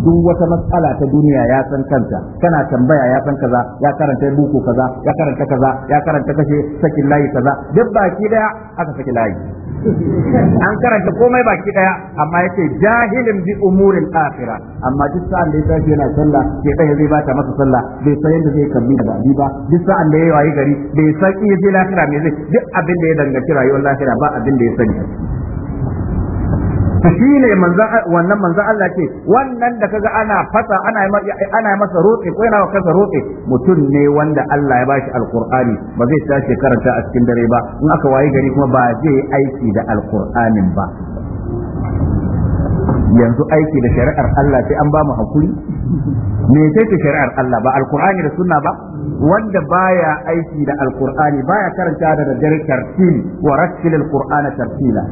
duk wata matsala ta duniya ya san kanta tana tambaya ya san kaza ya karanta buku kaza ya karanta kaza ya karanta kashe sakin layi kaza duk baki daya aka saki layi an karanta komai baki daya amma ya ce jahilin bi umurin akhirah amma duk sa'an da ya tashi yana sallah ke kai zai bata masa sallah bai san yadda zai kambi da babi ba duk sa'an da ya wayi gari bai san iya zai lafira me zai duk abin da ya danganci rayuwar lafira ba abin da ya sani to shine manzan wannan manzan Allah ce wannan da kaga ana fasa ana masa rotse ko yana kasa rotse mutum ne wanda Allah ya bashi alqur'ani ba zai tashi karanta a cikin dare ba in aka wayi gari kuma ba zai yi aiki da alqur'anin ba yanzu aiki da shari'ar Allah sai an ba mu hakuri me sai ta shari'ar Allah ba alqur'ani da sunna ba wanda baya aiki da alqur'ani baya karanta da dare tartil wa rattil alqur'ana tartila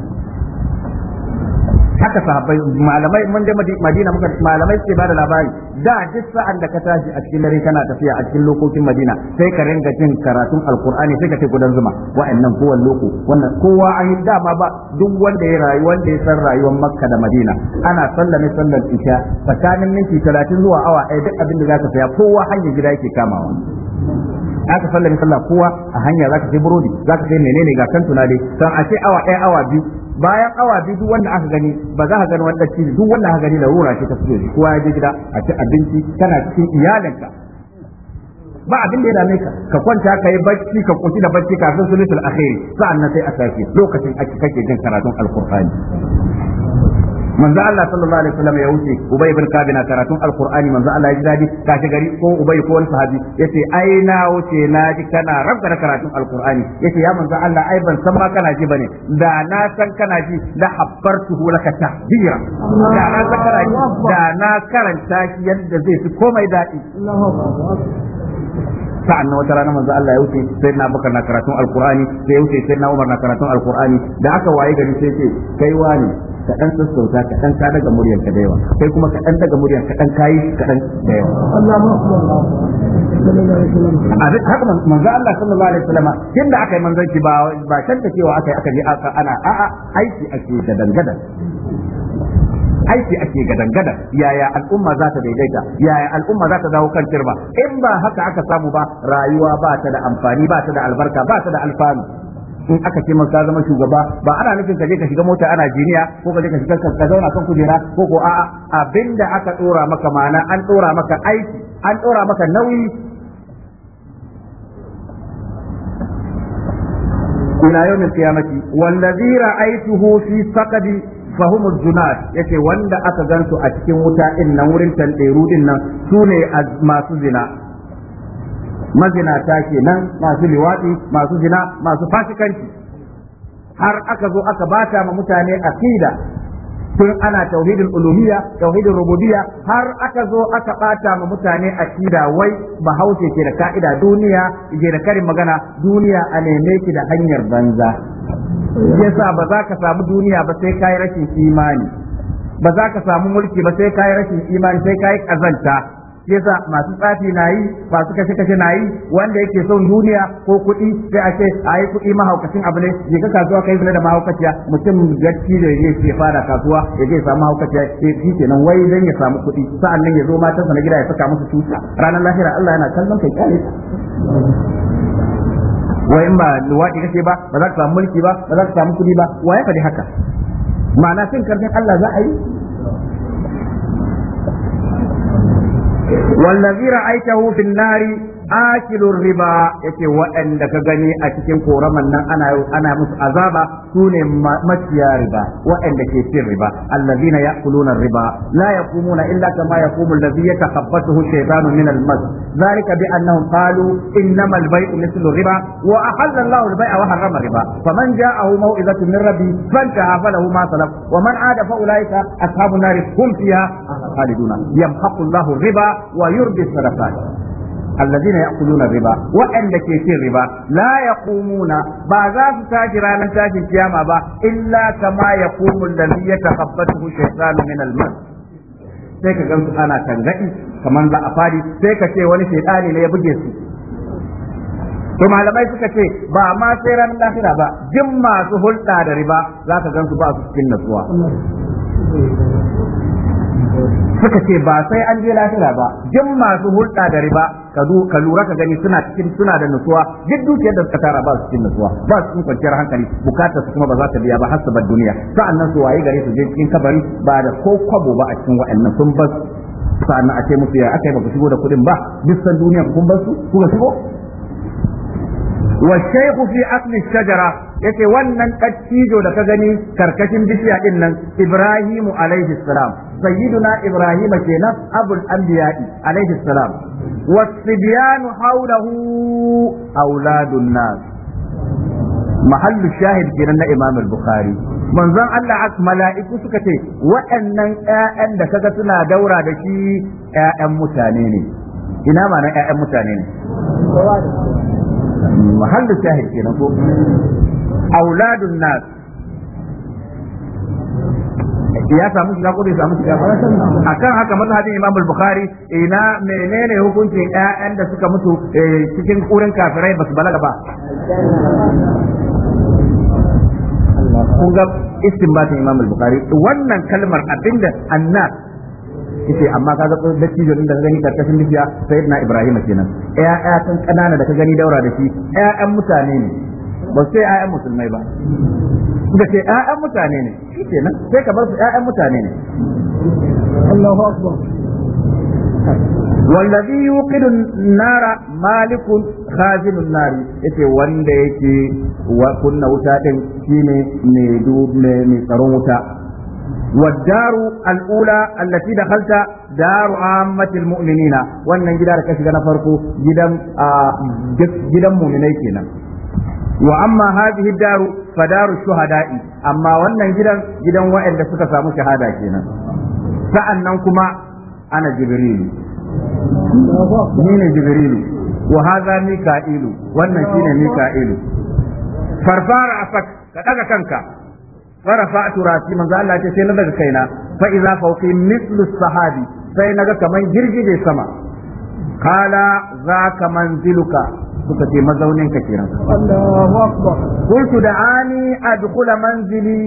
haka sahabbai malamai mun da Madina muka malamai ke bada labari da duk sa'an da ka tashi a cikin dare kana tafiya a cikin lokokin Madina sai ka ringa jin karatun Alkur'ani sai ka ce gudan zuma wa'annan kowa loko wannan kowa an dama ba duk wanda ya rayu wanda ya san rayuwar Makka da Madina ana sallame sallar isha tsakanin minti 30 zuwa awa ai duk abin da zaka saya kowa hanyar gida yake kamawa aka sallame sallah kowa a hanya zaka sai burodi zaka sai menene ga kantuna dai san a ce awa ɗaya awa biyu bayan awa biyu duk wanda aka gani ba za ka gani wanda ci duk wanda aka gani da wura ce ta fito ne kowa ya je gida a ci abinci tana cikin iyalinka ba abin da ya dame ka ka kwanta ka yi bacci ka kuci da bacci kafin sulusul akhiri sa'an nan sai a sake lokacin ake kake jin karatun alqur'ani manzo Allah sallallahu alaihi wasallam ya wuce Ubay bin Ka'ab na karatun Alqur'ani manzo Allah ya ji dadi kashi gari ko Ubay ko wani sahabi yace ai na wuce na ji kana rabba karatun Alqur'ani yace ya manzo Allah ai ban san ma kana ji bane da na san kana ji la habbartuhu laka tahbira da na san kana ji da na karanta shi yadda zai fi komai dadi sa'an nan wata rana manzo Allah ya wuce sai na baka na karatun alqur'ani sai ya wuce sai na Umar na karatun alqur'ani da aka waye gari sai ce kai wani ka dan sassauta ka dan ka daga muryar ka da yawa kai kuma ka dan daga muryar ka dan kayi ka dan da yawa Allahu akbar haka manzo Allah sallallahu alaihi wasallam tunda aka yi manzanci ba ba shakka cewa aka yi aka ana a'a aiki ake da dangadan aiki ake gadangada, yaya al'umma za ta daidaita yaya al'umma za ta dawo kan kirba in ba haka aka samu ba rayuwa ba ta da amfani ba ta da albarka ba ta da alfanu in aka ce maka zama shugaba ba ana nufin ka je ka shiga mota ana jiniya ko ka je ka shiga ka zauna kan kujera ko ko a'a abinda aka dora maka mana an dora maka aiki an dora maka nauyi Ina ila yawmin qiyamati wallazi ra'aytuhu fi saqadi fahimul junat ce wanda aka gansu a cikin wuta din nan wurin tanderu din nan sune masu zina mazinata kenan masu liwadi masu zina masu fasikanci har aka zo aka bata ma mutane aqida tun ana tauhidin ulumiya tauhidin rububiyya har aka zo aka bata ma mutane a akida wai bahaushe ke da ka'ida duniya ke da karin magana duniya a neme ki da hanyar banza yasa ba za ka samu duniya ba sai kayi rashin imani ba za ka samu mulki ba sai kayi rashin imani sai kayi kazanta yasa masu tsafi na yi masu kashe kashe na yi wanda yake son duniya ko kuɗi sai a ce a yi kuɗi mahaukacin abu ne je ka kasuwa kai zina da mahaukaciya mutum gaci da ya ce fara kasuwa ya je samu mahaukaciya ya eh, ji nan wai zan ya samu kuɗi sa'an nan ya zo matansa na gida ya saka musu tuta ranar lahira Allah yana kallon kai kyale wai in ba luwaɗi kake ba ba za ka samu mulki ba ba za ka samu kuɗi ba wa ya faɗi haka ma'ana cin karfin Allah za a yi والذي رأيته في النار akilur riba yace wa'anda ka gani a cikin koraman nan ana musu azaba sune maciya riba waɗanda ke cin riba allazina ya'kuluna riba la yaqumuna illa kama yaqumu allazi yatakhabbathu shaytanu min al-mas zalika bi annahum qalu innama al-bay'u mithlu riba wa ahalla Allahu al-bay'a wa harrama riba faman ja'ahu maw'izatu min rabbi fantaha falahu ma salaf wa man 'ada fa ulaika ashabun nar hum fiha khaliduna yamhaqu Allahu riba wa yurbi sadaqat na allazina ya'kuluna riba waɗanda ke cin riba la yaqumuna ba za su ki ranar tashin kiyama ba illa kama yaqumu allazi yatakhabbathu shaytanu min al sai ka gansu ana tangadi kamar za a fadi sai ka ce wani shaytani ne ya buge su to malamai suka ce ba ma sai ran lahira ba jin masu hulɗa da riba za ka gansu ba su cikin natsuwa suka ce ba sai an je lahira ba jin masu hulɗa da riba ka lura ka gani suna cikin suna da nutsuwa duk dukiyar da suka tara ba su cikin nutsuwa ba su cikin kwanciyar hankali bukatar su kuma ba za ta biya ba har su bar duniya sa'annan su waye gare su je cikin kabari ba da ko kwabo ba a cikin wa'annan sun bar sa'annan a ce musu ya aka yi ba ku shigo da kuɗin ba duk duniya kun bar su kuka shigo والشيخ في أصل الشجرة yace wannan لكذني da ka gani karkashin bishiya السلام Ibrahim سيدنا إبراهيم كينا أبو الأنبياء عليه السلام والصبيان حوله أولاد الناس محل الشاهد كينا إمام البخاري manzon Allah as mala'iku suka ce waɗannan ƴaƴan da kaga suna daura da shi ƴaƴan mutane ne ina ma na ƴaƴan mutane ne kenan ko ya samu shiga ko bai samu shiga ba akan haka mazhabin Imam al-Bukhari ina menene hukuncin ƴaƴan da suka mutu eh, cikin kurin kafirai basu balaga ba kun ga istinbatin Imam al-Bukhari wannan kalmar abinda anna yace amma ka ga din da ka gani karkashin bishiya sayyidina Ibrahim kenan ƴaƴa kan kanana da ka gani daura da shi ƴaƴan mutane ne ba sai ƴaƴan musulmai ba suka ce ‘ya’yan mutane ne, shi ke nan, sai kamar su ‘ya’yan mutane ne. Allah Akbar. nara malikun khazinun nari yace wanda yake wa kunna wuta shi ne mai dubu ne mai tsaron wuta wadaru alula da dakhalta daru ammatil mu'minina wannan gida da kashi ga na farko gidan ah, gidan mu'minai kenan wa amma hadhihi daru fa daru shuhada'i amma wannan gidan gidan waɗanda suka samu shahada kenan sa'annan kuma ana jibrilu ni ne jibrilu wa hadha mika'ilu wannan shine mika'ilu farfara afak ka daga kanka farafa'tu rasi manzo Allah ya ce sai na daga kaina fa idza fawqi mithlu sahabi sai naga kaman girgije sama kala zaka manziluka suka ce mazaunin ka kenan Allahu akbar qultu da'ani adkhula manzili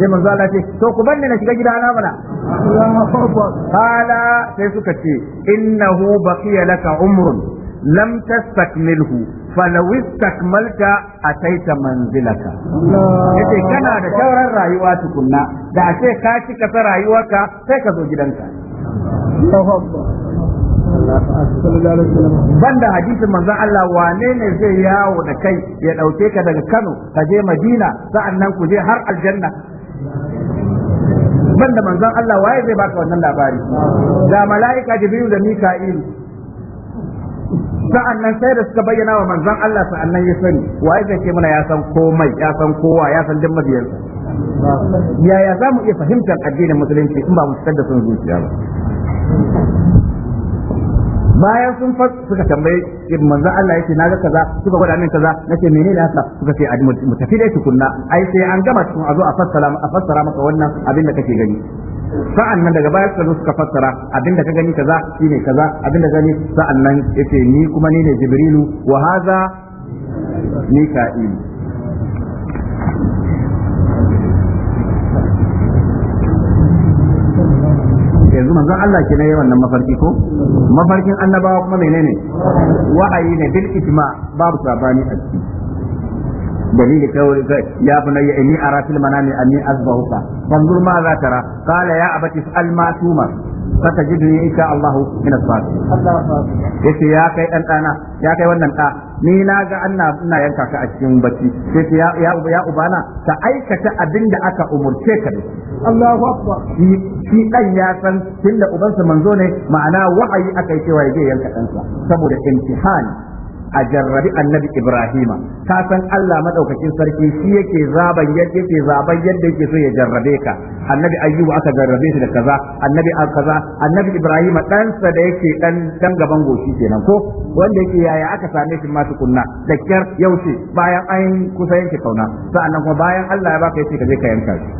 sai manzo ce to ku banne na shiga gidana mana Allahu akbar kala sai suka ce innahu baqiya laka umrun لم تستكمله فلو استكملت أتيت منزلك yace kana da shauran rayuwa tukunna da a ka cika ta rayuwarka sai ka zo banda hadisin manzon Allah wane ne zai yawo da kai ya dauke ka daga Kano ka je Madina sa'annan ku je har aljanna banda manzon Allah waye zai baka wannan labari da mala'ika Jibril da Mika'il sa'annan sai da suka bayyana wa manzon Allah sa'annan ya sani waye zai ce mana ya san komai ya san kowa ya san duk mabiyansa yaya za mu iya fahimtar addinin musulunci in ba mu fitar da son zuciya ba bayan sun fa suka tambaye ibn manzo Allah yake naga kaza suka gwada min kaza ce menene haka suka ce mu tafi dai tukunna ai sai an gama tukun a zo a fassara a fassara maka wannan abin da kake gani sa'an nan daga bayan suka suka fassara abin da ka gani kaza shine kaza abin da gani sa'an nan yace ni kuma ni ne jibrilu wa hadha mika'il manzon Allah kenan yayin wannan mafarki ko mafarkin annabawa kuma menene wa'ayi ne bil ijma babu sabani a ciki dalili kawai kai ya bunayya inni ara fil manami anni azbahuka fanzur ma za tara qala ya abati fa'al ma tumar fatajidni insha Allah min as-sabirin yace ya kai dan dana ya kai wannan da ni na ga anna ina yanka ka a cikin bacci yace ya ya ya ubana ka aikata abinda aka umurce ka da Allahu akbar shi shi dan ya san tunda ubansa manzo ne ma'ana wa'ayi aka yi cewa ya yanka ɗansa saboda imtihani a jarrabi annabi Ibrahima ka san Allah madaukakin sarki shi yake zaban yadda yake zaban yadda yake so ya jarrabe ka annabi ayyubu aka jarrabe shi da kaza annabi al kaza annabi Ibrahima ɗansa da yake dan dan gaban goshi kenan ko wanda yake yaya aka same shi masu kunna da kyar yaushe bayan an kusa yanke kauna sa'annan kuma bayan Allah ya baka yace ka je ka yanka shi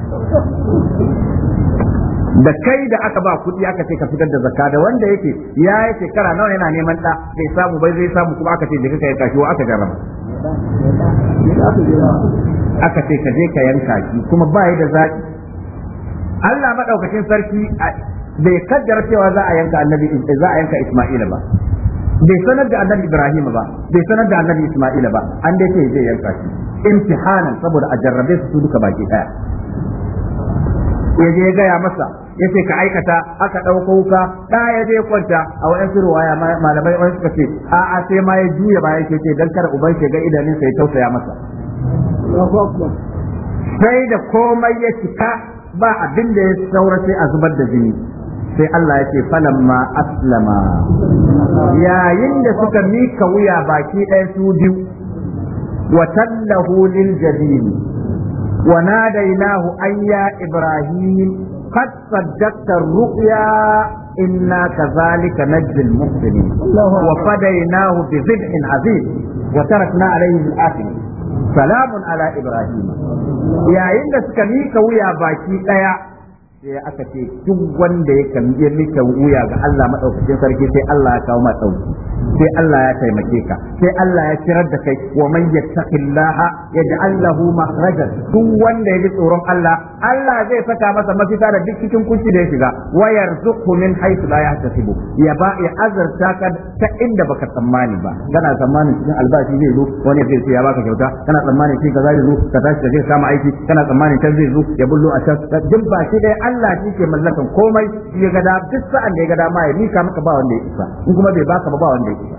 da kai da aka ba kuɗi aka ce ka fitar da zakka da wanda yake ya yi shekara nawa yana neman ɗa bai samu bai zai samu kuma aka ce je ka yanka shi aka jarama aka ce ka je ka yanka shi kuma ba da zaki Allah madaukakin sarki bai kaddara cewa za a yanka annabi za a yanka Isma'ila ba bai sanar da annabi Ibrahim ba bai sanar da annabi Isma'ila ba an dai ce zai yanka shi imtihanan saboda a jarrabe su duka baki daya ya je ya gaya masa ya ce ka aikata aka ɗauko wuka ɗa ya je kwanta a wayan ruwaya malamai wani suka ce a'a sai ma ya juya bayan ke ce dan kada uban shi ga idanun ya tausaya masa sai da komai ya cika ba abin da ya saura sai a zubar da jini sai Allah ya ce falamma aslama yayin da suka mika wuya baki ɗaya su biyu wa tallahu lil jadidi وناديناه أن يا إبراهيم قد صدقت الرؤيا إنا كذلك نجزي المحسنين وفديناه بذبح عظيم وتركنا عليه الآخرين سلام على إبراهيم يا إن سكنيك ويا باكي sai aka ce duk wanda ya kamye mika wuya ga Allah madaukakin sarki sai Allah ya kawo madauki sai Allah ya taimake ka sai Allah ya kirar da kai wa man yattaqillaha yaj'al lahu makhraja duk wanda ya ji tsoron Allah Allah zai saka masa mafita da duk cikin kunci da ya shiga Wayar zuku min haythu la tasibu ya ba ya azarta ka ta inda baka tsammani ba kana tsammanin cikin albashi zai zo wani zai ce ya baka kyauta kana tsammanin shi kaza zai zo ka tashi zai samu aiki kana tsammanin can zai zo ya bullo a can duk ba shi dai Allah shi ke mallakan komai ya ga da duk sa'an da ya ga dama ya mika maka ba wanda ya isa in kuma bai baka ba ba wanda ya isa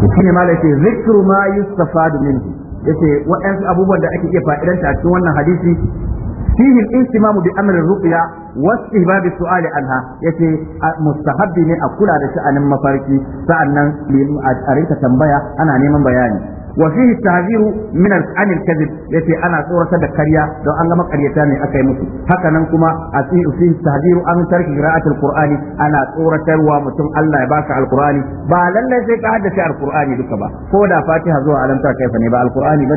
ne shine malai ce zikru ma yustafadu minhu yace waɗansu abubuwan da ake iya fa'idanta a cikin wannan hadisi فيه الاهتمام بأمر الرقية واستهباب su'ali عنها yace mustahabbi ne a kula da sha'anin mafarki sa'annan a rinka tambaya ana neman bayani Wasihis ta hadiru minan Amin kadin ya ce ana tsorata da kariya don an gama karyata ne akayi musu. Hakanan kuma Asihushe ta hadiru an tarki ra'akin Al-ƙur'ani ana tsoratarwa mutum Allah ya baka Al-ƙur'ani. Ba lallai sai ka haddace Al-ƙur'ani duka ba. Ko da Fatiha zuwa Adam ta kaifani ba Al-ƙur'ani ba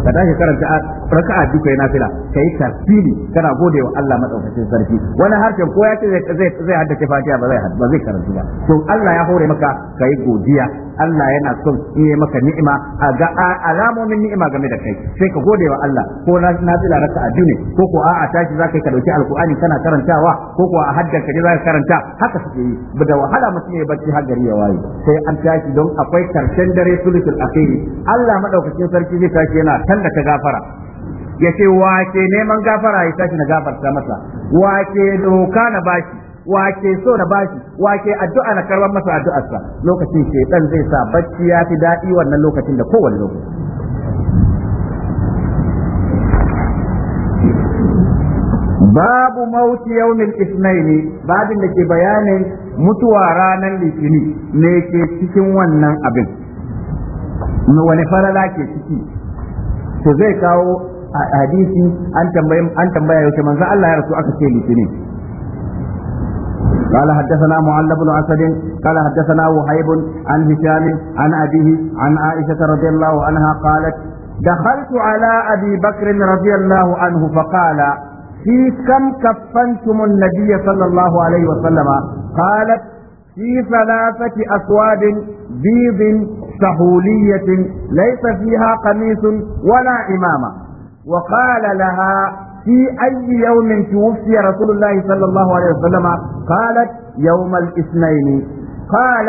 Ka da karanta a duka a dukai na fila ka yi karbidi ka na gode wa Allah matsausa shi da Wani harshen ko ya ce zai haddace Fatiha ba zai karanti ba. So Allah ya hure maka ka yi godiya. Allah yana son in yi maka ni'ima a ga alamomin ni'ima game da kai sai ka gode wa Allah ko na nafila raka biyu ko ko a tashi zaka ka dauki alqur'ani kana karantawa ko ko a haddar ka zaka karanta haka suke yi da wahala mutum ya barci har gari ya waye sai an tashi don akwai karshen dare sulusul akhir Allah madaukakin sarki zai tashi yana tallata gafara Ya ce wace neman gafara ya tashi na gafarta masa wace doka na bashi wake so na bashi wake addu'a na karban masa addu'arsa lokacin shedan zai sa bacci ya fi daɗi wannan lokacin da kowane lokaci babu mauti yaumin ne, babin da ke bayanin mutuwa ranar litini ne ke cikin wannan abin wani farala ke ciki to zai kawo hadisi an tambaya an tambaya yau manzo Allah ya rasu aka ce Litini? قال حدثنا معل بن اسد قال حدثنا وهيب عن هشام عن ابيه عن عائشه رضي الله عنها قالت دخلت على ابي بكر رضي الله عنه فقال في كم كفنتم النبي صلى الله عليه وسلم قالت في ثلاثة أسواد بيض سهولية ليس فيها قميص ولا إمامة وقال لها في أي يوم توفي رسول الله صلى الله عليه وسلم قالت يوم الاثنين قال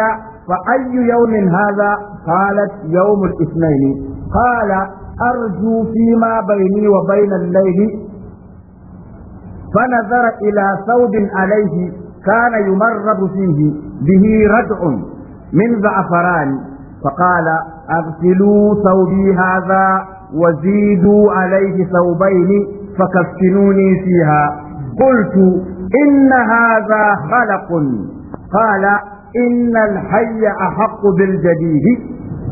فأي يوم هذا قالت يوم الاثنين قال أرجو فيما بيني وبين الليل فنظر إلى ثوب عليه كان يمرض فيه به ردع من زعفران فقال أغسلوا ثوبي هذا وزيدوا عليه ثوبين فكفنوني فيها قلت إن هذا خلق قال إن الحي أحق بالجديد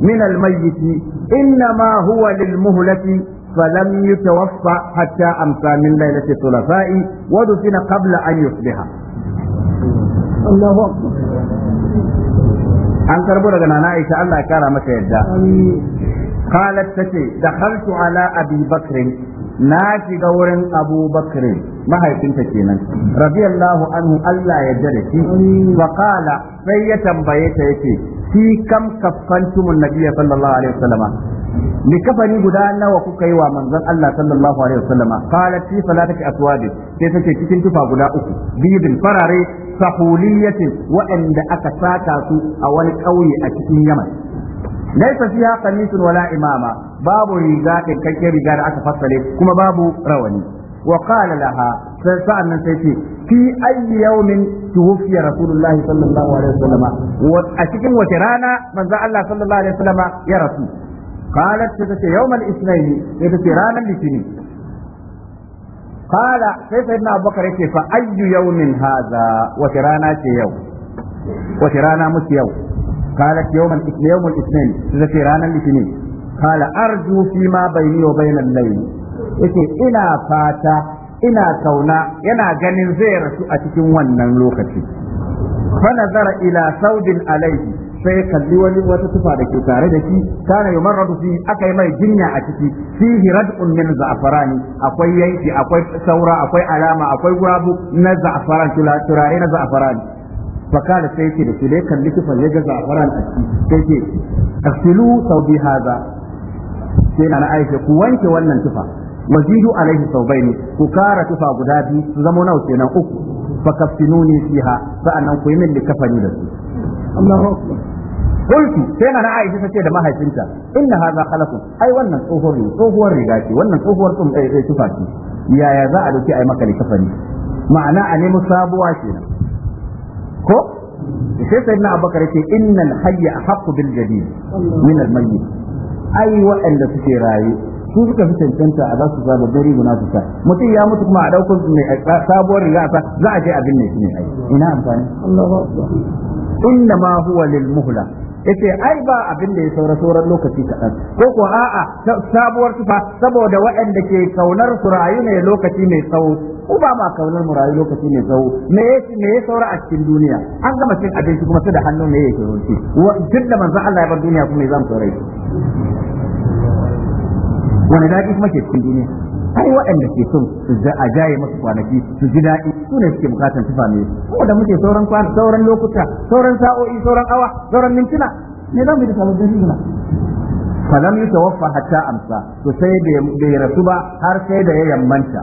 من الميت إنما هو للمهلة فلم يتوفى حتى أمسى من ليلة الثلاثاء ودفن قبل أن يصبح الله أكبر an karbo daga nana Aisha Allah ya kara mata yadda qalat tace dakhaltu ala abi bakr na shiga wurin Abu mahaifinta kenan radiyallahu anhu Allah ya jada shi wa qala sai ya tambaye ta yake fi kam kaffantumun nabiyya sallallahu alaihi wasallama ni kafani guda nawa kuka yi wa manzon Allah sallallahu alaihi wasallama qalat fi salatati sai take cikin tufa guda uku bidin farare sahuliyatin waɗanda aka saka su a wani ƙauye a cikin Yaman laisa fiha qamisun wala imama babu riga kake riga da aka fassale kuma babu rawani wa qala laha sai sa'an nan sai ce fi ayi yawmin tuwfiya rasulullah sallallahu alaihi wasallam wa a cikin wace rana manzo Allah sallallahu alaihi wasallam ya rasu qalat ta ce yawmal isnaini sai ce ranar litini qala sai sai na abubakar yake fa ayyu yawmin hadha wace rana ce yau wace rana musu yau قالت يوم الاثنين يوم الاثنين تذكر انا الاثنين قال ارجو فيما بيني وبين الليل yake ina fata ina kauna yana ganin zai rasu a cikin wannan lokaci fa nazara ila saudin alaihi sai kalli wani wata tufa da ke tare da shi kana yi marar fi aka yi mai jinya a ciki fihi rad'un min za'farani akwai yanki akwai saura akwai alama akwai gurabu na za'faran turare na za'farani fakala sai yake da su dai kalli kifan ya ga zafaran a ciki sai ke tafsilu sau bi haza sai na aisha ku wanke wannan tufa wazidu alaihi sau bai ne ku kara tufa guda biyu su zama nawa kenan uku fakaftinuni fiha sa'annan ku yi min likafani da su Allahu sai na Aisha sace da mahaifinta inna haza khalaqun ai wannan tsohuwar ne tsohuwar riga ce wannan tsohuwar tsun eh tufa ce yaya za a dauki ai maka likafani ma'ana a nemi sabuwa kenan ko sai sai na abakar ce innal hayya haqqu bil jadid min al mayyit ai waɗanda suke raye su suka fi cancanta a za su sa dare guna su sa mutum ya mutu kuma a ɗaukar mai sabuwar riga sa za a je abin ne shi ne ai ina amfani inna ma huwa lil muhla yace ai ba abin da ya saura sauran lokaci kaɗan ko ko a'a sabuwar tufa saboda waɗanda ke kaunar su rayu ne lokaci mai tsawo ko ba ma kaunar mu rayu lokaci mai tsawo me yake me ya saura a cikin duniya an gama cin abinci kuma su da hannu ne yake yawanci duk da manzon Allah ya bar duniya kuma ya zamu saurayi wani daɗi kuma ke cikin duniya ai waɗanda ke son su a jaye masu kwanaki su ji daɗi su ne suke bukatan tufa ne ko da muke sauran kwan sauran lokuta sauran sa'o'i sauran awa sauran mintuna ne za mu yi sababbin riguna falam yutawaffa hatta amsa to sai bai rasu ba har sai da ya yammanta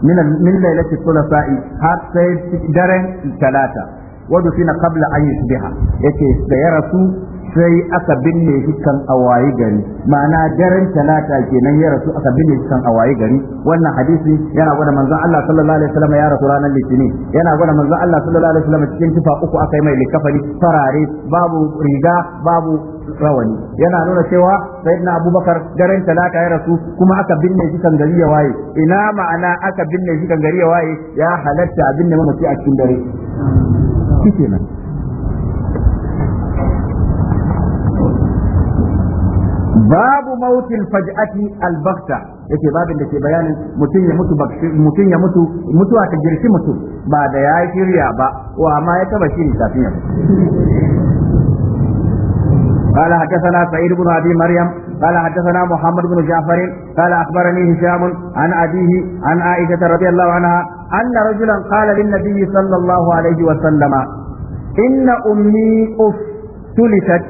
min lailatul thulathai har sai daren talata wadu fina qabla an yusbiha yake da ya rasu sai aka binne shi kan awayi gari ma'ana daren talata kenan ya rasu aka binne shi kan awayi gari wannan hadisi yana gwada manzon Allah sallallahu alaihi wasallam ya rasu ranar litinin yana gwada manzon Allah sallallahu alaihi wasallam cikin tufa uku aka yi mai likafari farare babu riga babu rawani yana nuna cewa sayyidina abubakar daren talata ya rasu kuma aka binne shi kan gari ya waye ina ma'ana aka binne shi kan gari ya waye ya halatta a binne mamaci a cikin dare babu mautil faj'ati albaghta yake babin da ke bayanin mutum ya mutu mutum ya mutu mutum ba da ya shirya ba wa ma ya taba shiri kafin ya قال حدثنا سعيد بن ابي مريم قال حدثنا محمد بن جعفر قال اخبرني هشام عن ابيه عن عائشه رضي الله عنها ان رجلا قال للنبي صلى الله عليه وسلم ان امي افتلتت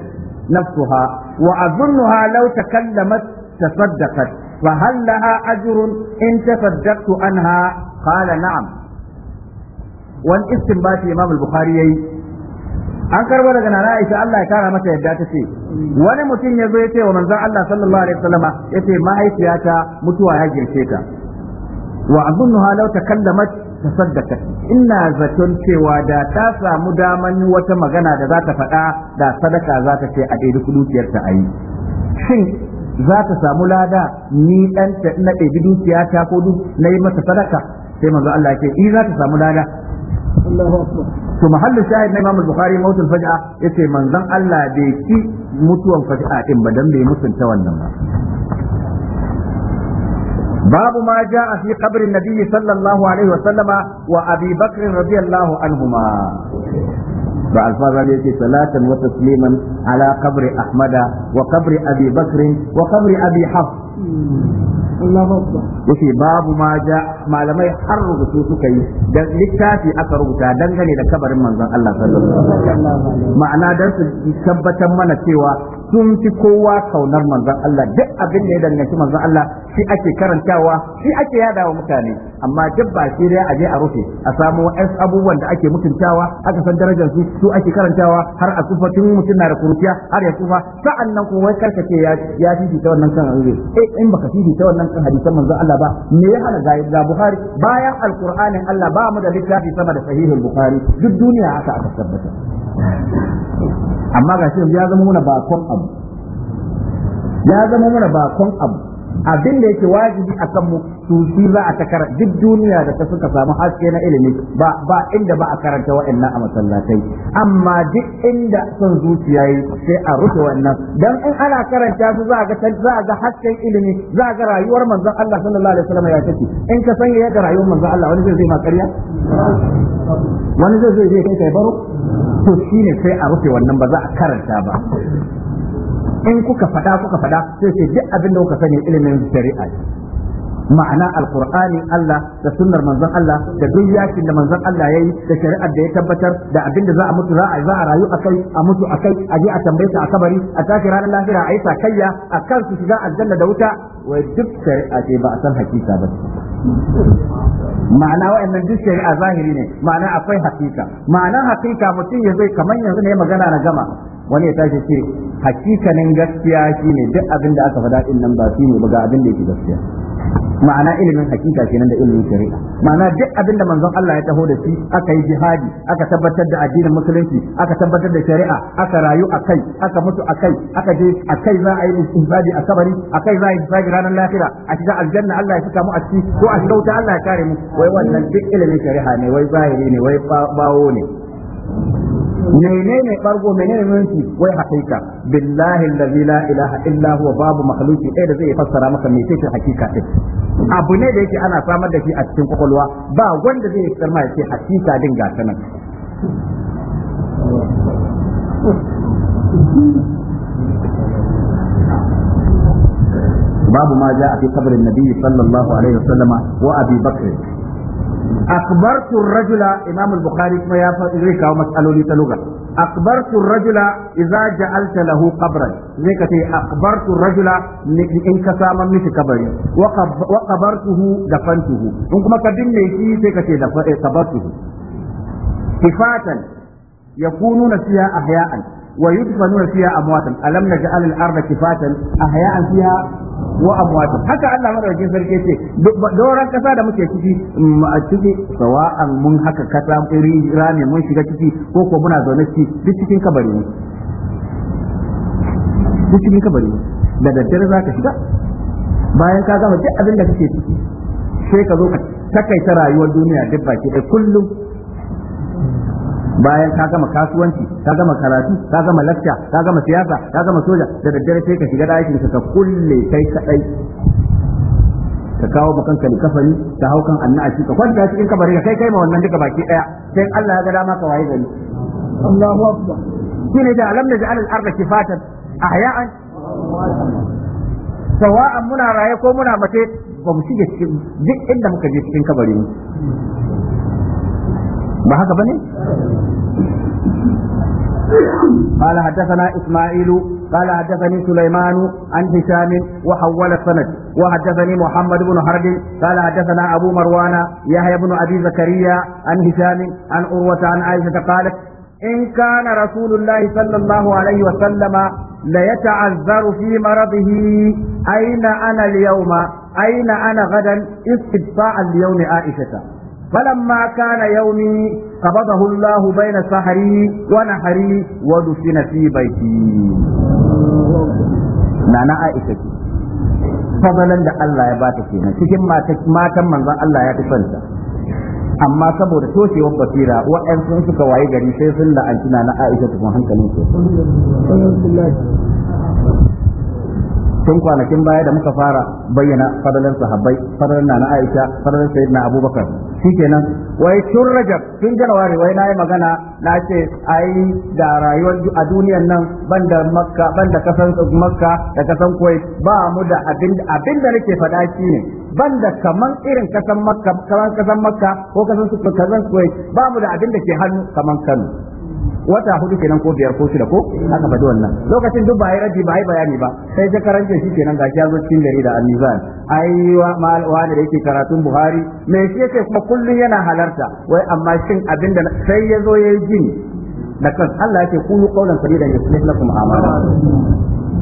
نفسها وأظنها لو تكلمت تصدقت فهل لها أجر إن تصدقت عنها قال نعم wani istinbati imam al-bukhari yayi an karbo daga nana Aisha Allah ya kara mata yadda ta ce wani mutum ya zo ya ce wa manzon Allah sallallahu alaihi ya ce mahaifiyata mutuwa ya girce ta wa azunnuha law takallamat saddaka ina zaton cewa da ta samu daman wata magana da za ta faɗa da sadaka za ta ce a ɗaiɗi dukiyarta a yi shin za ta samu lada ni ɗan na ɗaiɗi dukiyata ko duk na yi mata sadaka sai manzo Allah ce in eh, za ta samu lada to mahallin shahid na Imam Bukhari mautul faj'a yace manzon Allah bai ci mutuwan faj'a din ba dan bai mutunta wannan ba باب ما جاء في قبر النبي صلى الله عليه وسلم وابي بكر رضي الله عنهما فالفاظ عليك صلاة وتسليما على قبر احمد وقبر ابي بكر وقبر ابي حفص yake babu ma ja malamai har rubutu suka yi dan littafi aka rubuta dangane da kabarin manzon Allah sallallahu alaihi wasallam ma'ana dan su tabbatar mana cewa sun fi kowa kaunar manzon Allah duk abin da ya danganci manzon Allah shi ake karantawa shi ake wa mutane amma duk ba shi dai a je a rufe a samu wasu abubuwan da ake mutuntawa aka san darajar su su ake karantawa har a tsufa tun mutum na da kurutiya har ya tsufa sa'annan kuma wai karkace ya ya fifi ta wannan kan hadisi eh in baka fifi ta wannan kan hadisan manzon Allah ba me ya hana ga Buhari, bayan alqur'anin Allah ba mu da littafi sama da sahihul Buhari, duk duniya aka aka tabbata amma ga shi ya zama muna bakon abu ya zama muna bakon abu abin da yake wajibi a kanmu su shi za a takara duk duniya da ta suka samu haske na ilimi ba ba inda ba a karanta wa'annan a masallatai amma duk inda son zuciya yi sai a rufe wannan dan in ana karanta su za ga za ga hasken ilimi za a ga rayuwar manzon Allah sallallahu alaihi wasallam ya take in ka san yadda rayuwar manzon Allah wani zai zai ma ƙarya wani zai zai kai kai baro to shine sai a rufe wannan ba za a karanta ba in kuka faɗa kuka faɗa sai sai duk abin da kuka sani ilimin shari'a ma'ana alqur'ani Allah da sunnar manzon Allah da duk yakin da manzon Allah yayi da shari'ar da ya tabbatar da abin da za a mutu za za a rayu akai a mutu akai a je a tambaye ta a kabari a tashi ranar lahira a yi sakayya a kan su shiga aljanna da wuta wai duk shari'a ce ba a san hakika ba ma'ana wa'annan duk shari'a zahiri ne ma'ana akwai hakika ma'ana hakika mutum ya zai kamar yanzu ne magana na gama wani ya tashi ce hakikanin gaskiya shine duk abin da aka faɗa din nan ba shine ba ga abin da yake gaskiya ma'ana ilimin hakika kenan da ilimin shari'a ma'ana duk abin da manzon Allah ya taho da shi aka yi jihadi aka tabbatar da addinin musulunci aka tabbatar da shari'a aka rayu a kai aka mutu a kai aka je a kai za a yi istihzabi a kabari a kai za a yi ranar lahira a shiga aljanna Allah ya fita mu a ciki ko a shiga wuta Allah ya kare mu wai wannan duk ilimin shari'a ne wai zahiri ne wai bawo ne menene bargo menene minti wai hakika billahi allazi la ilaha illa huwa babu makhluqi ɗaya da zai fassara maka me yake hakika din abu ne da yake ana samar da shi a cikin kwakwalwa ba wanda zai tsarma ya yake hakika din ga sanan ma ja a في kabarin nabi sallallahu alaihi wasallama wa abi bakr akbartu rajula imam al-bukhari kuma ya fa zai kawo matsaloli ta lugha akbartu rajula idza ja'alta lahu qabran zai ka ce akbartu rajula in ka saman mishi kabari wa qabartuhu dafantuhu kuma kifatan ويدفنون فيها أمواتا ألم نجعل الأرض كفاتا أحياء فيها wa amwatu haka Allah madaukakin sarki ce doran kasa da muke ciki mm, a ciki sawa'an mun haka kasa iri rami mun shiga ciki ko ko muna zaune ciki duk cikin kabari ne duk cikin kabari ne da daddare za ka shiga bayan ka gama duk abin da kake ciki sai ka zo ka takaita rayuwar duniya duk baki da kullum bayan ka gama kasuwanci ka gama karatu ka gama lakta ka gama siyasa ka gama soja da daddare sai ka shiga dakin ka kulle kai kadai ka kawo bakan ka kafani ka hau kan annashi ka kwanta cikin kabari ka kai kai ma wannan duka baki daya sai Allah ya ga dama ka waye gari Allahu akbar shine da alam naj'al al ardh kifatan ahya'an sawa'an muna raye ko muna mace ba mu shige cikin duk inda muka je cikin kabari ba haka bane قال حدثنا إسماعيل قال حدثني سليمان عن هشام وحول السند وحدثني محمد بن حرب قال حدثنا أبو مروان يحيى بن أبي زكريا عن هشام عن أروة عن عائشة قالت إن كان رسول الله صلى الله عليه وسلم ليتعذر في مرضه أين أنا اليوم أين أنا غدا استبقاء اليوم عائشة فلما كان يومي قبضه الله بين سحري ونحري ودفن في بيتي نانا عائشة فضلا da Allah ya bata kenan cikin matan manzon Allah ya fi santa amma saboda toshewar basira waɗansu suka wayi gari sai sun la'anci na Aisha tukun hankalin su tun kwanakin baya da muka fara bayyana fadalan sahabbai fadalan na Aisha fadalan sayyidina Abubakar shikenan wai tun Rajab tun Janawari wai nayi magana na ce ai da rayuwar a duniyar nan banda Makka banda kasan Makka da kasan Kuwait ba mu da abin abin da nake faɗa ban banda kaman irin kasan Makka kasan kasan Makka ko kasan su kasan Kuwait ba mu da abin da ke hannu kaman Kano wata hudu kenan ko biyar ko shida ko aka faɗi wannan lokacin duk ba yi raji ba yi bayani ba sai ta karanta shi kenan ga ya zo cikin gari da al aiwa mal wa da yake karatun buhari me shi yake kuma kullun yana halarta wai amma shin abinda sai ya zo yayi jin da kan Allah yake kullu qaulan sadidan yuslih lakum amala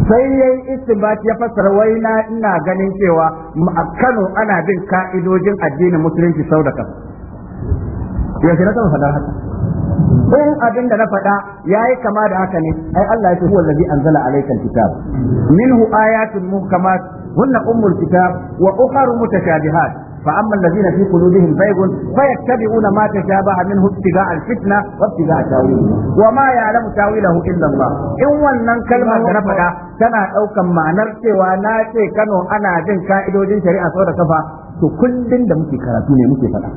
sai yayi istinbat ya fassara wai na ina ganin cewa a Kano ana bin ka'idojin addinin musulunci sau da kan yaushe na taɓa faɗar haka in abin da na faɗa ya yi kama da haka ne ai Allah yake huwa allazi anzala alaykal kitab minhu ayatun muhkamat hunna ummul kitab wa ukhra mutashabihat fa amma allazina fi qulubihim zayg fa yattabi'una ma tashabaha minhu ibtigaa'a alfitna wa ibtigaa'a tawil wa ma ya'lamu tawilahu illa Allah in wannan kalmar da na faɗa tana ɗaukan ma'anar cewa na ce Kano ana jin ka'idojin shari'a sau da kafa to kullum da muke karatu ne muke faɗa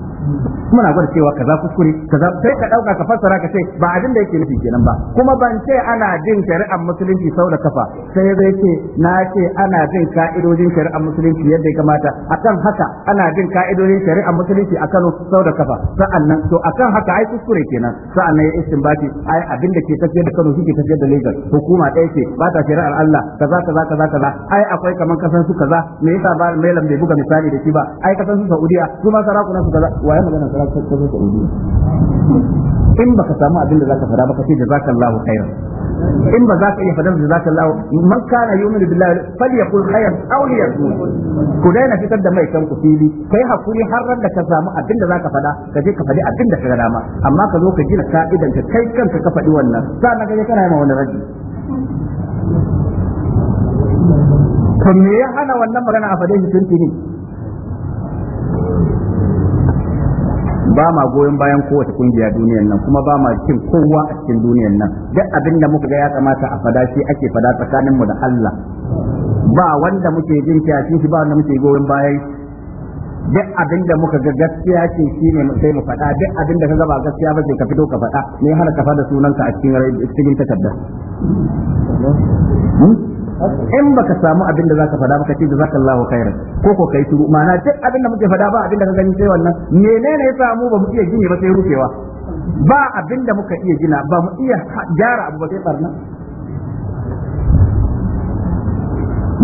muna gwada cewa kaza kuskure kaza sai ka dauka ka fassara ka ce ba abin da yake nufi kenan ba kuma ban ce ana jin shari'ar musulunci sau da kafa sai zai ce na ce ana jin ka'idojin shari'ar musulunci yadda ya kamata akan haka ana ka'idodin ka'idojin shari'ar musulunci a Kano sau da kafa sa'annan to akan haka ai kuskure kenan sa'annan ya istinbati ai abin da ke tafiyar da Kano shi ke tafiyar da Lagos hukuma ɗaya ce ba ta shari'ar Allah kaza kaza kaza kaza ai akwai kaman kasan su kaza me yasa ba mai lambe buga misali da shi ba ai kasan su Saudiya su ma na su kaza waye magana sarakuna su Saudiya in baka samu abin da zaka fara baka ce jazakallahu khairan in ba za ka iya fadar jazakallahu man kana yu'minu billahi falyakul khairan aw liyakun ku daina fitar da mai kan ku fili kai hakuri har ran da ka samu abin da zaka fada ka je ka fadi abin da ka ga dama amma ka zo ka gina ka'idan ka kai kanka ka fadi wannan sannan ka je kana yi ma wani raji to me ya hana wannan magana a fadin shi tuntuni ba ma goyon bayan kowace kungiya duniyar nan kuma ba ma cin kowa a cikin duniyar nan duk abin da muka ga ya kamata a fada shi ake fada tsakanin mu da Allah ba wanda muke jin kyashin shi ba wanda muke goyon bayan duk abin da muka ga gaskiya ce shi ne sai mu fada duk abin da ka ga ba gaskiya ba sai ka fito ka fada ne har ka fada sunanka a cikin cikin takarda hmm? in baka samu abin da zaka faɗa baka ce jazakallahu khairan ko ko kai turu ma'ana duk abin da muke fada ba abin da ka gani sai wannan menene ya samu ba mu iya gine ba sai rufewa ba abin da muka iya gina ba mu iya gyara abu ba sai barna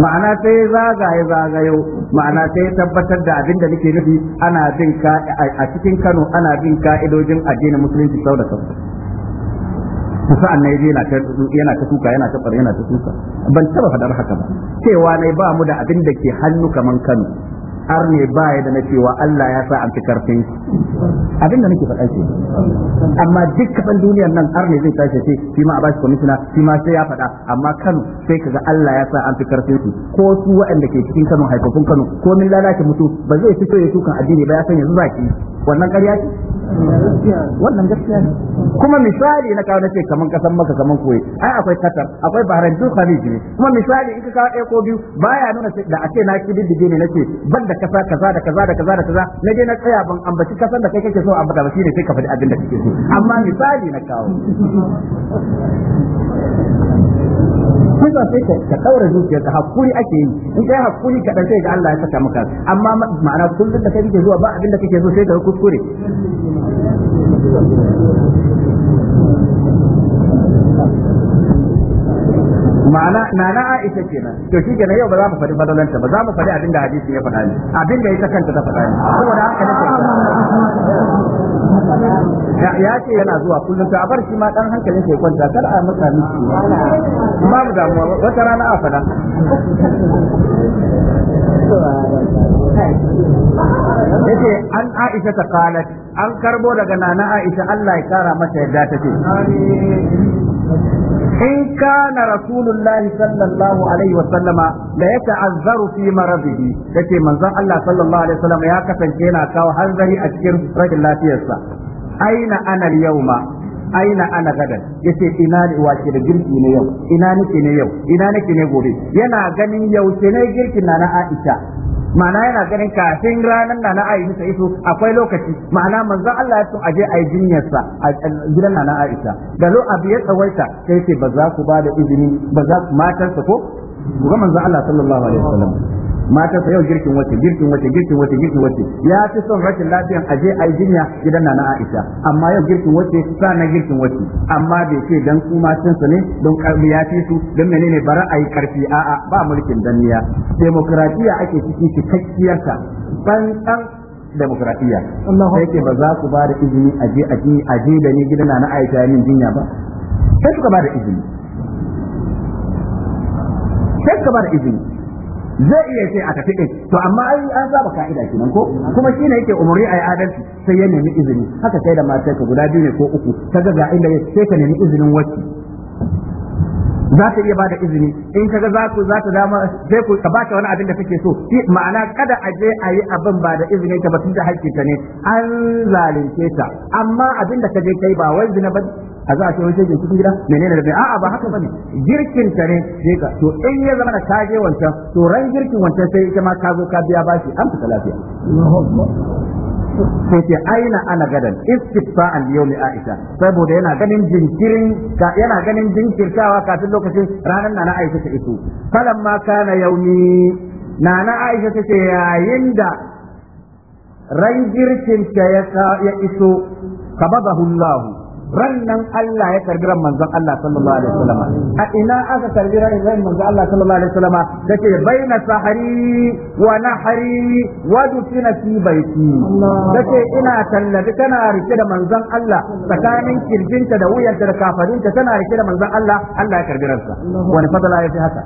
ma'ana sai zagaye zagayo ma'ana sai tabbatar da abin da nake nufi ana bin ka a cikin Kano ana bin ka'idojin addinin musulunci sau da sau to sa'an nan yana ta yana ta tuka yana ta tsare yana ta tuka ban taba fadar haka ba cewa nai ba mu da abin da ke hannu kaman Kano har ne ya da na cewa Allah ya sa an fi karfin abin da nake faɗa ke amma duk kasan duniyar nan har ne zai tashi ce shi ma a bashi shi ma sai ya faɗa amma Kano sai kaga Allah ya sa an fi karfin su ko su waɗanda ke cikin Kano haifafun Kano ko min lalace mutu ba zai fito ya tukan addini ba ya san yanzu zaki wannan ƙarya ce wannan gaskiya ne kuma misali na kawo nace kaman kasan maka kaman koyi ai akwai katar akwai Bahrain duk Khalij ne kuma misali in ka kawo ɗaya ko biyu baya nuna da a ce na kididdige ne nace ban da kasa kaza da kaza da kaza da kaza na je na tsaya ban ambaci kasan da kai kake so ambata ba shine sai ka faɗi abin da kake so amma misali na kawo kusa sai ka daura ka hakuri ake yi in kai hakuri ka dan sai ga Allah ya saka maka amma ma'ana kullun da kake zuwa ba abin da kake so sai ka kuskure ma'ana na Aisha kenan to shi kenan yau ba za mu faɗi fadalanta ba za mu faɗi abin da hadisin ya faɗa ne abin da ita kanta ta faɗa ne saboda haka ne ya ce yana zuwa kullum ta bar shi ma dan hankalin sai kwanta kar a masa miki babu damuwa wata rana a faɗa yace an Aisha ta qalat an karbo daga nana Aisha Allah ya kara mata yadda take amin in kana rasulullah sallallahu alaihi wa sallama da la yata'azzaru fi maradihi yace manzon Allah sallallahu alaihi wa sallama ya kasance yana kawo hanzari a cikin rashin lafiyarsa aina ana yauma aina ana gadan yace ina ne wace da girki ne yau ina nake ne yau ina nake ne gobe yana ganin yau ne girkin na na Aisha ma'ana yana ganin kafin ranar Nana na Aisha ta iso akwai lokaci ma'ana manzon Allah ya so aje a jinyar sa a gidan Nana Aisha da lo ya tsawaita sai ce ba za ku ba da izini ba za ku matar ko ga manzo Allah sallallahu alaihi wasallam mata sa yau girkin wace girkin wace girkin wace girkin wace ya fi son rashin lafiyan aje ai jinya gidan na Aisha amma yau girkin wace sa na girkin wace amma bai ce dan kuma sun don karbi ya fi su dan menene bara ai karfi a'a ba mulkin danniya demokradiya ake ciki cikakkiyarta dan demokradiya sai yake ba za ku ba da izini aje aje aje da ni gidan na Aisha yin jinya ba sai suka ba da izini sai ka bar izini zai iya sai a tafi ɗin to amma ai an saba ka'ida kenan ko kuma shi ne yake umuri ai adalci sai ya nemi izini haka sai da matar ka guda biyu ne ko uku ka ga inda sai ka nemi izinin wacce za ta iya bada izini in kaga za ku za ta dama sai ku ka bata wani abin da kake so ma'ana kada a je a yi abin ba da izini ta batun da hakki ta ne an zalunce ta amma abin da ka je kai ba wai zina ba a za a ce wai sai cikin gida menene da a'a ba haka bane girkin ta ne sai ka to in ya zama da kaje wancan to ran girkin wancan sai ita ma ka zo ka biya bashi an fita lafiya sai ce aina ana gadan istifa'an yawmi aisha saboda yana ganin jinkirin yana ganin jinkirtawa kafin lokacin ranar nana aisha ta iso ma kana yaumi nana aisha ta ce yayin da ran girkin ta ya iso kababahu Allah rannan Allah ya karbi ran manzon Allah sallallahu alaihi wasallam a ina aka karbi ran manzon Allah sallallahu alaihi wasallam take baina sahari wa nahari wa dukina fi baiti take ina tallabi tana rike da manzon Allah tsakanin kirjinta da wuyanta da kafarinta tana rike da manzon Allah Allah ya karbi ransa wani fadala ya fi haka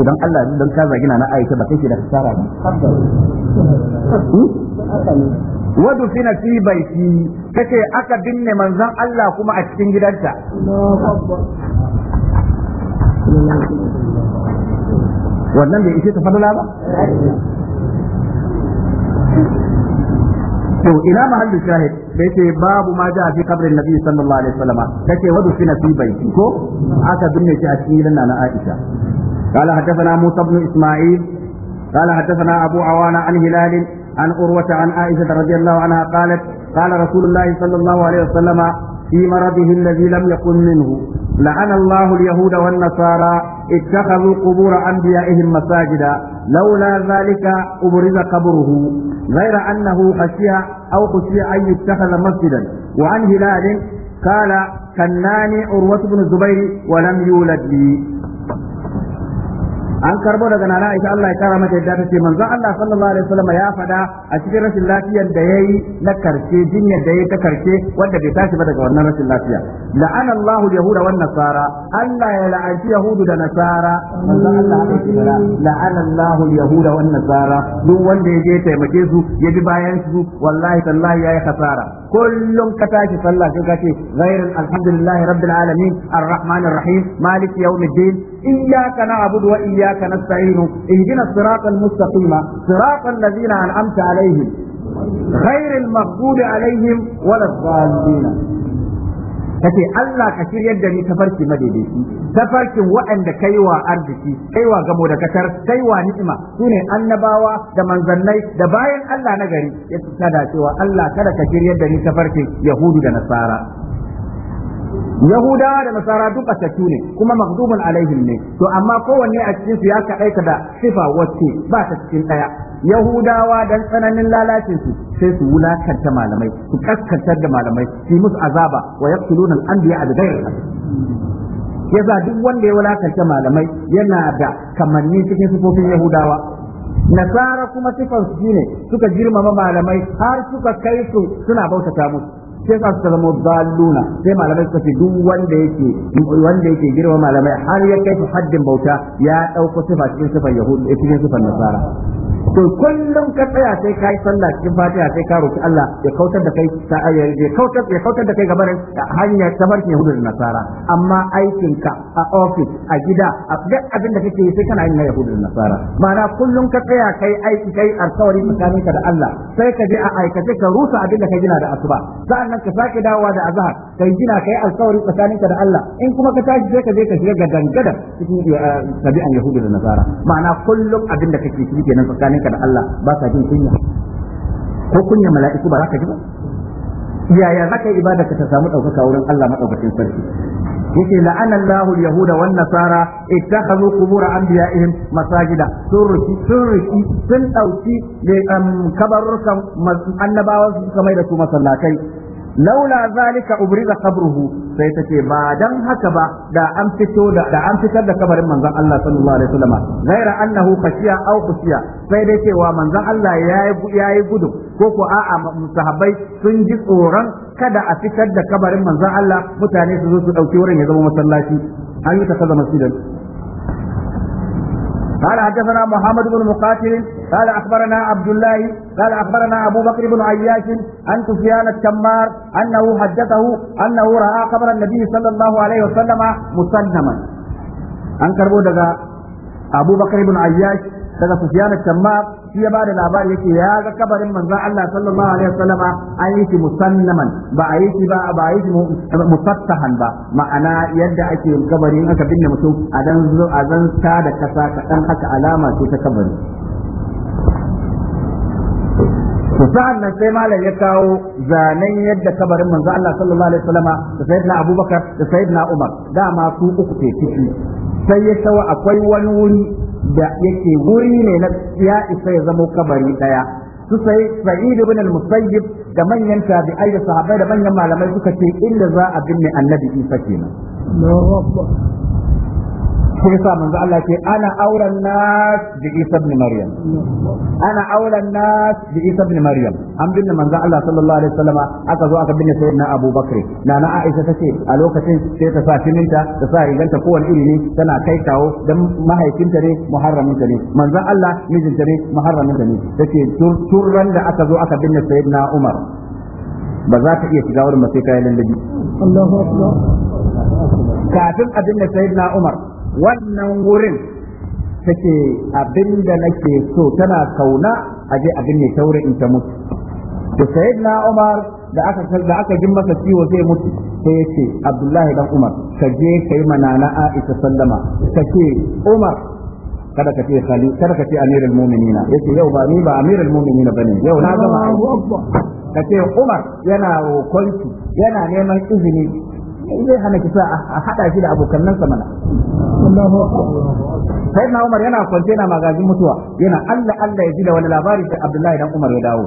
idan Allah dan ka zagina na aisha ba kake da kasara ba hmm? wa dufina fi baiti kace aka binne manzon Allah kuma a cikin gidanta wannan bai ishe ta fadala ba to ina mahallu shahid da yake babu ma ja fi kabrin nabi sallallahu alaihi wasallam kace wadu fi nasibai ko aka binne shi a cikin gidan nana Aisha قال حدثنا موسى بن اسماعيل قال حدثنا ابو عوانة عن هلال عن عروة عن عائشة رضي الله عنها قالت قال رسول الله صلى الله عليه وسلم في مرضه الذي لم يكن منه لعن الله اليهود والنصارى اتخذوا قبور أنبيائهم مساجدا لولا ذلك أبرز قبره غير أنه خشي أو خشي أن يتخذ مسجدا وعن هلال قال كناني عروة بن الزبير ولم يولد لي an karbo daga nana Aisha Allah ya kara mata yadda tace manzon Allah sallallahu alaihi wasallam ya fada a cikin rashin lafiyar da yayi na karshe jinyar da yayi ta karshe wanda bai tashi ba daga wannan rashin lafiya la'ana Allahu yahuda wan nasara Allah ya la'anci yahudu da nasara manzon Allah ya yake la'ana Allahu yahuda wan nasara duk wanda ya je taimake su ya bi bayan su wallahi tallahi yayi khasara kullum ka tashi sallah sai ka ce ghairin alhamdulillahi rabbil alamin arrahmanir rahim malik yawmiddin iyyaka na'budu wa iyyaka nasta'in ihdina siratal mustaqima siratal ladzina an'amta alaihim ghairil maghdubi alaihim waladdallin kace Allah ka shiryar da ni tafarki madaidaici tafarkin waɗanda kai wa arziki kai wa gamo da katar kai wa ni'ima sune annabawa da manzannai da bayan Allah na gari ya ta cewa Allah kada ka shiryar da ni tafarkin yahudu da nasara yahudawa da nasara duk batattu ne kuma maghdubun alaihim ne to amma kowanne a cikin su ya ka aika da sifa wacce ba ta cikin daya yahudawa dan tsananin lalacin su sai su wulakanta malamai su kaskantar da malamai su musu azaba wa yaqtuluna al-anbiya da Ya yasa duk wanda ya wulakanta malamai yana da kamanni cikin sifofin yahudawa nasara kuma sifan su ne suka girmama malamai har suka kai su suna bautata musu sai sa suka zama daluna sai malamai suka ce duk wanda yake wanda yake girma malamai har ya kai haddin bauta ya dauko sifa cikin sifar yahudu eh, cikin nasara to kullum ka tsaya sai kai sallah cikin fatiha sai ka roki Allah ya kautar da kai ta ya kautar ya kautar da kai gaban hanya ta farkin yahudu da nasara amma aikin ka a office a gida a duk abin da kake yi sai kana yin na yahudu da nasara ma'ana kullum ka tsaya kai aiki kai alkawari tsakaninka da Allah sai ka je a aikace ka rusa abin da ka gina da asuba sa'an sa'annan ka sake dawowa da azhar kai gina kai alkawari tsakaninka da Allah in kuma ka tashi sai ka je ka shiga gadan gadan cikin eh, tabi'an yahudu da nasara ma'ana kullum abin da kake ciki kenan tsakaninka da Allah ba ka jin kunya ko kunya mala'iku ba za ka ji ba yaya za ka yi ibada ka ta samu ɗaukaka wurin Allah maɗaukacin sarki yake la'ana Allahu yahuda wan nasara ittakhadhu qubur anbiya'ihim masajida surki surki sun dauki ne eh, um, kabarrukan annabawa su kamar da su masallatai laula zalika ubriza qabruhu sai tace ba dan haka ba da an fito da an fitar da kabarin manzon Allah sallallahu alaihi wasallam ghaira annahu khashiya aw khashiya sai dai cewa manzon Allah yayi yayi gudu ko ko a'a musahabai sun ji tsoron kada a fitar da kabarin manzon Allah mutane su zo su dauki wurin ya zama masallaci an yi ta kaza masjidan قال حدثنا محمد بن مقاتل قال أخبرنا عبد الله قال أخبرنا أبو بكر بن عياش عن سفيان التمار أنه حدثه أنه رأى قبر النبي صلى الله عليه وسلم مسلما أنكر بودغا أبو بكر بن عياش daga Sufyan al-Tammar shi ya ba da labari yake ya ga kabarin manzon Allah sallallahu alaihi wasallama an yi shi musannaman ba a yi shi ba ba a yi shi musattahan ba ma'ana yadda ake kabari in aka binne mutum a dan a zan ta da kasa kadan haka alama ce ta kabari to sa'an nan sai malam ya kawo zanen yadda kabarin manzo Allah sallallahu alaihi wasallama da sayyidina Abubakar da sayyidina Umar dama su uku ke ciki sai ya tawa akwai wani wuri da yake wuri ne na ya isa ya zama kabari daya su sai sa'id ibn al-musayyib da manyan tabi'ai da sahabbai da manyan malamai suka ce inda za a binne annabi Isa kenan sai sa manzo Allah ce ana auren nas bi Isa ibn Maryam ana auren nas bi Isa ibn Maryam an binne manzo Allah sallallahu alaihi wasallam aka zo aka binne sayyidina Abu Bakr nana Aisha tace a lokacin sai ta sa fininta ta sa riganta kowane iri ne tana kai kawo dan mahaifinta ne muharraminta ne manzo Allah mijinta ne muharraminta ne tace turran da aka zo aka binne sayyidina Umar ba za ta iya shiga wurin masai kayan lallabi Allahu akbar kafin abin da sayyidina Umar wannan wurin take abinda nake so tana kauna aje abin ne ta wurin in ta mutu to na Umar da aka da aka jin masa ciwo zai mutu sai ya ce Abdullahi dan Umar ka je kai manana Aisha sallama Ta ce Umar kada ka ce khali kada ka ce amirul mu'minina yace yau ba ni ba amirul mu'minina bane yau na gama ka ce Umar yana rokonki yana neman izini in zai hana sa a hada shi da abokan nan mana sai na Umar yana kwance na magajin mutuwa yana Allah Allah ya ji da wani labari da Abdullahi dan Umar ya dawo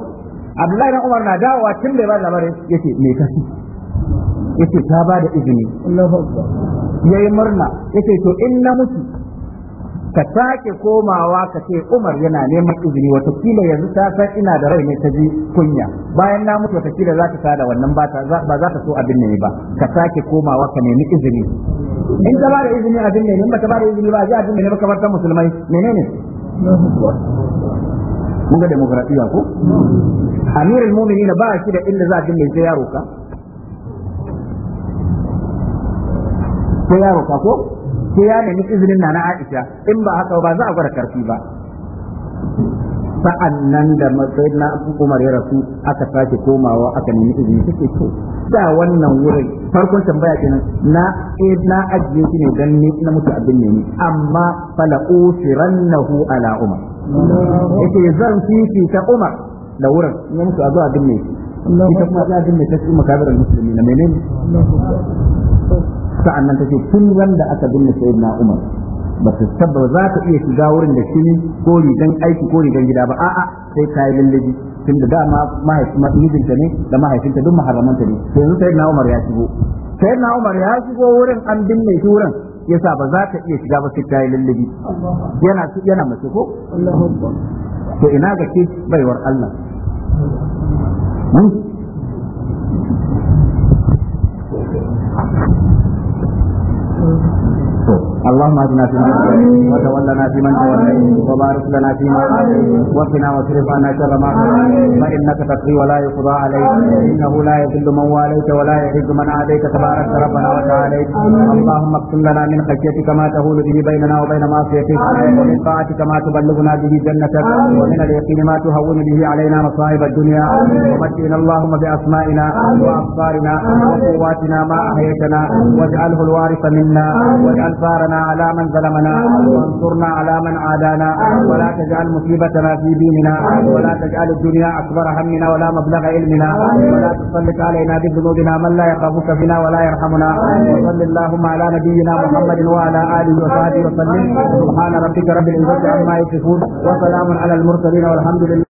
Abdullahi dan Umar na dawowa tun bai ba labarin yace me kashi yace ta ba da izini Allahu akbar yayi murna yace to in na mutu ka sake komawa ka ce Umar yana neman izini watakila yanzu ta san ina da rai ne ta ji kunya bayan na mutu watakila za ta sada wannan ba za ta so abin ne ba ka sake komawa ka nemi izini in ta bada izini abin ne in ba ta bada izini ba ji abin ne ba kamar ta musulmai menene mun ga demokradiya ko amirul mu'minin ba shi da inda za a dinga sai yaro ka sai yaro ka ko sai ya nemi izinin na na Aisha in ba haka ba za a gwada karfi ba sa'an nan da matsayin na Umar ya rasu aka sake komawa aka nemi izini take to da wannan wurin farkon tambaya kenan na eh, na ajiye shi ne dan ni na mutu abin ne amma fala usirannahu ala Umar yake zan fifi ta Umar da wurin na mutu a abin ne ita kuma ta abin ne ta cikin makabarin musulmi na menene sa'annan ta ce tun wanda aka binne sayyidina Umar ba ta sabba za ka iya shiga wurin da shi ko rigan aiki ko rigan gida ba a'a sai ka yi lallabi tun da dama mijinta ne da mahaifinta duk maharamanta ne yanzu sayyidina Umar ya shigo sayyidina Umar ya shigo wurin an binne shi wurin yasa ba za ka iya shiga ba sai ka yi yana yana mace ko to ina ga ke baiwar Allah hmm? اللهم اهدنا في من وتولنا في من توليت وبارك لنا فيما اعطيت وقنا واصرف عنا شر ما فانك تقضي ولا يقضى عليك انه لا يذل من واليت ولا يعز من عاديت تبارك ربنا وتعاليت اللهم اقسم لنا من خشيتك ما تهول به بيننا وبين معصيتك ومن طاعتك ما تبلغنا به جنتك ومن اليقين ما تهون به علينا مصائب الدنيا ومتعنا اللهم باسمائنا وابصارنا وقواتنا ما احييتنا واجعله الوارث منا واجعل ثارنا على من ظلمنا وانصرنا على من عادانا ولا تجعل مصيبتنا في ديننا ولا تجعل الدنيا أكبر همنا ولا مبلغ علمنا ولا تسلط علينا بذنوبنا من لا يخافك بنا ولا يرحمنا وصل اللهم على نبينا محمد وعلى آله وصحبه وسلم سبحان ربك رب العزة عما يصفون وسلام على المرسلين والحمد لله